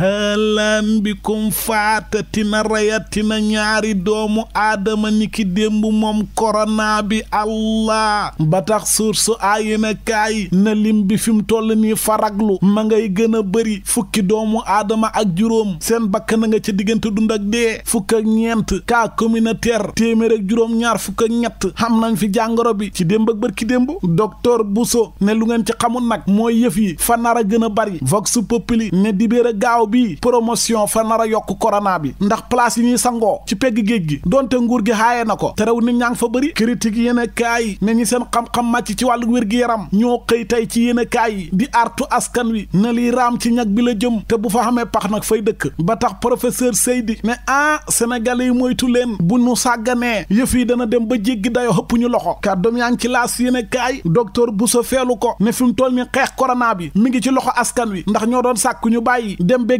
na bikum faatatina na ñaari doomu aadama niki démb moom korona bi allah ba tax sursu aayina kaay na lim bi fi mu toll nii faraglu ma ngay gën a bëri fukki doomu aadama ak juróom seen bakk na nga ca diggante dund ak dee fukk ak ñeent cas communautaire téeméer ak juróom ñaar fukk ak ñett xam nañ fi jàngoro bi ci démb ak bërki démb docteur Bousso ne lu ngeen ci xamul nag moo yëf yi fa nar a gën a bëri vox populi ne dibéer gaaw bi promotion fa nar a yokk corona bi ndax place yi ñuy sangoo ci pegg géej gi donte nguur gi xaaye na ko terew nit ñaa ngi fa bëri critique yéen a kaay ne ñi seen xam-xam màcc ci wàllu wér-gi-yaram ñoo xëy tey ci yéen a kaay yi di artu askan wi ne liy raam ci ñag bi la jëm te bu fa xamee pax nag fay dëkk ba tax professeur Seydi ne ah sénégalais yi moytu leen bu nu sàgganee yëf yi dana dem ba jéggi dayoo xëpp loxo kàddoom yaa ngi ci laas yéen a kaay docteur Bousso feelu ko ne fi mu toll xeex corona bi mi ngi ci loxo askan wi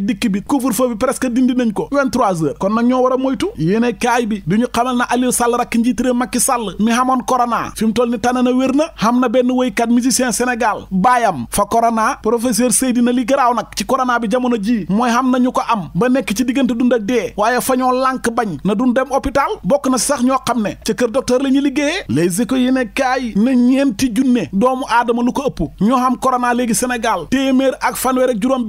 dikk bi couvre-feu bi presque dindi nañ ko 23 heures kon nag ñoo war a moytu yéene kaay bi du ñu xamal na Aliou Sall rakk njiit réew Macky Sall mi xamoon corona fi toll ni tane na wér na xam na benn woykat musicien Sénégal baayam fa corona professeur Seydina li garaaw nag ci corona bi jamono ji mooy xam nañu ko am ba nekk ci diggante dund ak dee waaye fa ñoo lànk bañ na dun dem hôpital bokk na sax ñoo xam ne ca kër docteur la ñuy liggéeyee les éco yéene kaay na ñeenti junne doomu aadama lu ko ëpp ñoo xam corona léegi Sénégal téeméer ak fanweer ak juróom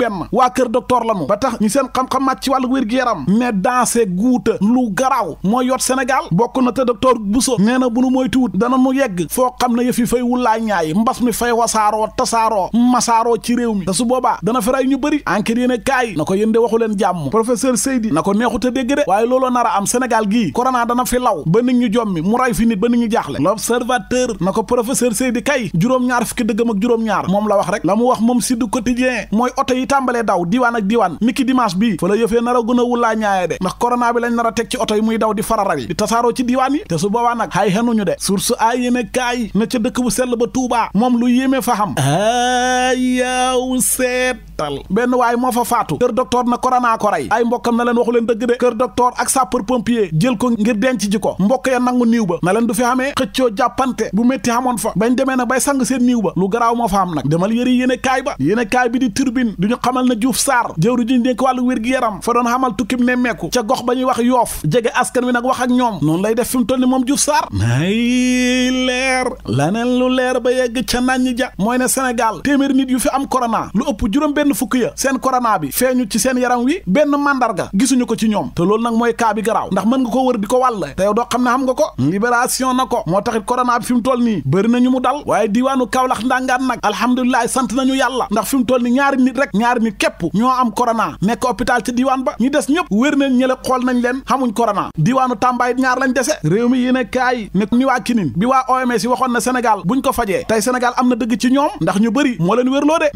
kër docteur lanu ba tax ñu seen xam-xam màcc ci wàllu wér-gu-yaram mais dansé guuta lu garaaw mooy yot Sénégal bokk na te docteur Bousso nee na bu nu moytuwut dana mu yegg foo xam ne yëf yi fay wullaa ñaay mbas mi fay wasaaroo tasaaroo masaaroo ci réew mi te su boobaa dana feray ñu bari enquête yéen kaay na ko yéen de waxu leen jàmm professeur Seydi na ko neexute dégg de waaye looloo nar a am Sénégal gii corona dana fi law ba nit ñu jommi mu ray fi nit ba nit ñu jaaxle l'observateur na ko professeur Seydi ñaar fukki dëggam ak ñaar moom la wax rek la mu wax moom Sud Quotidien mooy oto yi tàmbalee daw diiwaan ndeysaan ni bi fa la yëfee nar a gën a wulaa ñaaye de ndax corona bi lañ nar a teg ci oto yi muy daw di farara yi di tasaaroo ci diiwaan yi te su boobaa nag xay xenuñu de source ay yéene kaay na ca dëkk bu sell ba Tuubaa moom lu yéeme fa xam ayaw seet tal benn waaye moo fa faatu kër docteur na korona ko rey ay mbokkam na leen waxu leen dëgg de kër docteur ak sapeur pompier jël ko ngir denc ji ko mbokk ya nangu niiw ba na leen du fi xamee xëccoo jàppante bu métti xamoon fa bañ demee nag bay sang seen niiw ba lu garaaw moo fa am nag demal yëri yéene kaay ba yéene kaay bi di turbine du ñu xamal na Diouf Sarr jëwri ji dénk wàllu wér gi yaram fa doon xamal tukkib nemmeeku ca gox ba wax yoof jege askan benn fukk ya seen corona bi feeñu ci seen yaram wi benn mandarga gisuñu ko ci ñoom te loolu nag mooy kaa bi garaaw ndax mën nga ko wër di ko wàll te yow doo xam ne xam nga ko libération na ko moo taxit corona bi fi mu toll nii bëri nañu mu dal waaye diiwaanu Kaolack ndangaan nag alhamdulilah sant nañu yàlla ndax fi mu toll ni ñaari nit rek ñaari nit képp ñoo am corona nekk hôpital ci diiwaan ba ñi des ñëpp wér nañ ñële xool nañ leen xamuñ corona diiwaanu Tamba it ñaar lañ dese réew mi yéen a kaay ne ni waa kinin bi waa OMS yi waxoon na Sénégal buñ ko fajee tey Sénégal am na dëgg ci ñoom ndax ñu bëri moo leen wérloo de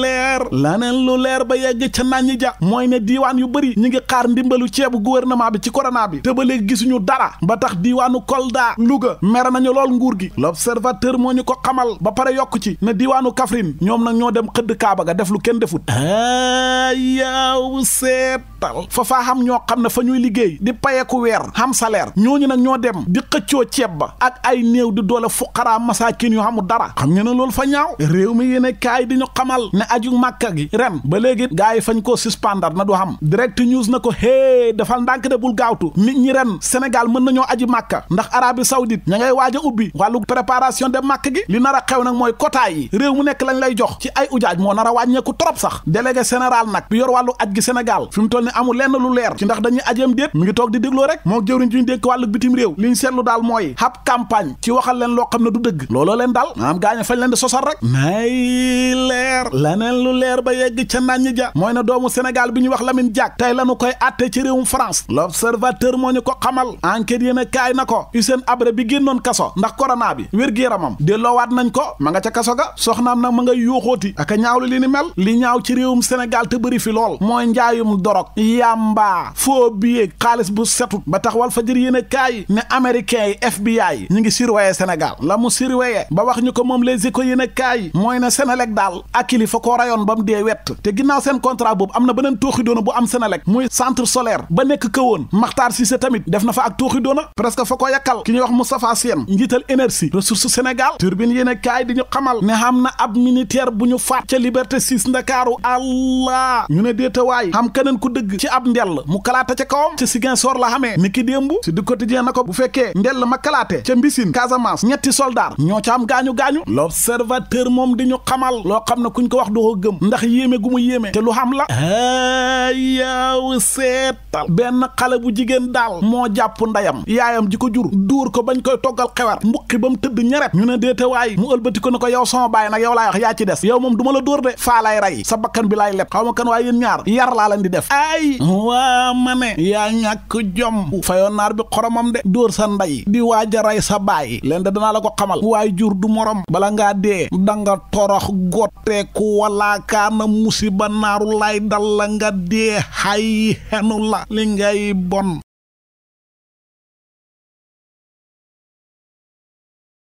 leer laneen lu leer ba yegg ca naan ja mooy ne diiwaan yu bari ñu ngi xaar ndimbalu ceebu gouvernement bi ci corona bi te ba léegi gisuñu dara ba tax diiwaanu Kolda luga mer nañu lool nguur gi l'observateur moo ñu ko xamal ba pare yokk ci ne diiwaanu kafrin ñoom nag ñoo dem xëdd kaaba nga def lu kenn defut ayaw seetal fa faa xam ñoo xam ne fa ñuy liggéey di payeeku weer xam salaire ñooñu nag ñoo dem di xëccoo ceeb ba ak ay néew di doole fuqaraa masaakin ne aju màkka gi ren ba léegi gars yi fañ koo suspendar na du xam direct news na ko hee dafal ndànk de bul gaawtu nit ñi ren Sénégal mën nañoo aji màkk ndax Arabie Saoudite ña ngay waaj ubbi wàllu préparation de màkk gi li nar a xew nag mooy quota yi réew mu nekk lañ lay jox ci ay ujaaj moo nar a wàññeeku trop sax délégué général nag bi yor wàllu aj gi Sénégal fi mu toll ni amul lenn lu leer ci ndax dañuy ajeem déet mi ngi toog di dégloo rek moo jëwriñ ci ñu dékk wàllu bitim réew li ñu seetlu daal mooy hab campagne ci waxal leen loo xam ne du dëgg looloo leen daal maanaam gaañe fañ leen di sosal rek nay leer leneen lu leer ba yegg ca naan ñi ja mooy na doomu Sénégal bi ñu wax Lamine Diack tey la ñu koy àtte ci réewum France l'observateur moo ñu ko xamal enquête yéen a kaay na ko Hissène Habré bi génnoon kaso ndax korona bi wér-gi-yaramam delloowaat nañ ko ma nga ca kaso ga soxnaam nag ma nga yóoxóoti aka ñaawlu li ni mel li ñaaw ci réewum Sénégal te bëri fi lool mooy njaayum dorog yàmbaa foo biyee xaalis bu setut ba tax wal fajër yéen a kaay ne américains yi FBI yi ñu ngi surveiller Sénégal la mu surveiller ba wax ñu ko moom les éco yéen a kaay mooy na Sénélec daal ak kilifa fa koo rayoon ba mu dee wett te ginnaaw seen contrat boobu am na beneen tooxi doona bu am Senelec muy centre solaire ba nekk kawoon Makhtar Cissé tamit def na fa ak tooxi doona presque fa yakkal ki ñuy wax Moustapha Sène njiital énergie ressource Sénégal turbine yéen a kaay di ñu xamal ne xam na ab militaire bu ñu faat ca liberté 6 ndakaaru allah ñu ne déetawaay xam keneen ku dëgg ci ab ndell mu kalaate ca kawam ca Ziguinchor la xamee ni ki démb si wax doo gëm ndax yéeme gu mu yéeme te lu xam la ayaw seetal benn xale bu jigéen daal moo jàpp ndayam yaayam ji ko jur dóor ko bañ koy toggal xewar mbuqi ba mu tëdd ñaret ñu ne deete déetewaay mu ëlbati ko ne ko yow sama baay nag yow laa wax yaa ci des yow moom duma la dóor de faa lay sa bakkan bi laay leb xaw ma kan waaye yéen ñaar yar laa leen di def ay waa ma ne yaa ñàkk jom fayoon naar bi xoromam de dóor sa nday di waaj a rey sa baay leen de danaa la ko xamal waaye jur du morom bala ngaa dee danga torox gotteeku walaakaana musiba naaru lay dal la nga dee xay xenu la li ngay bon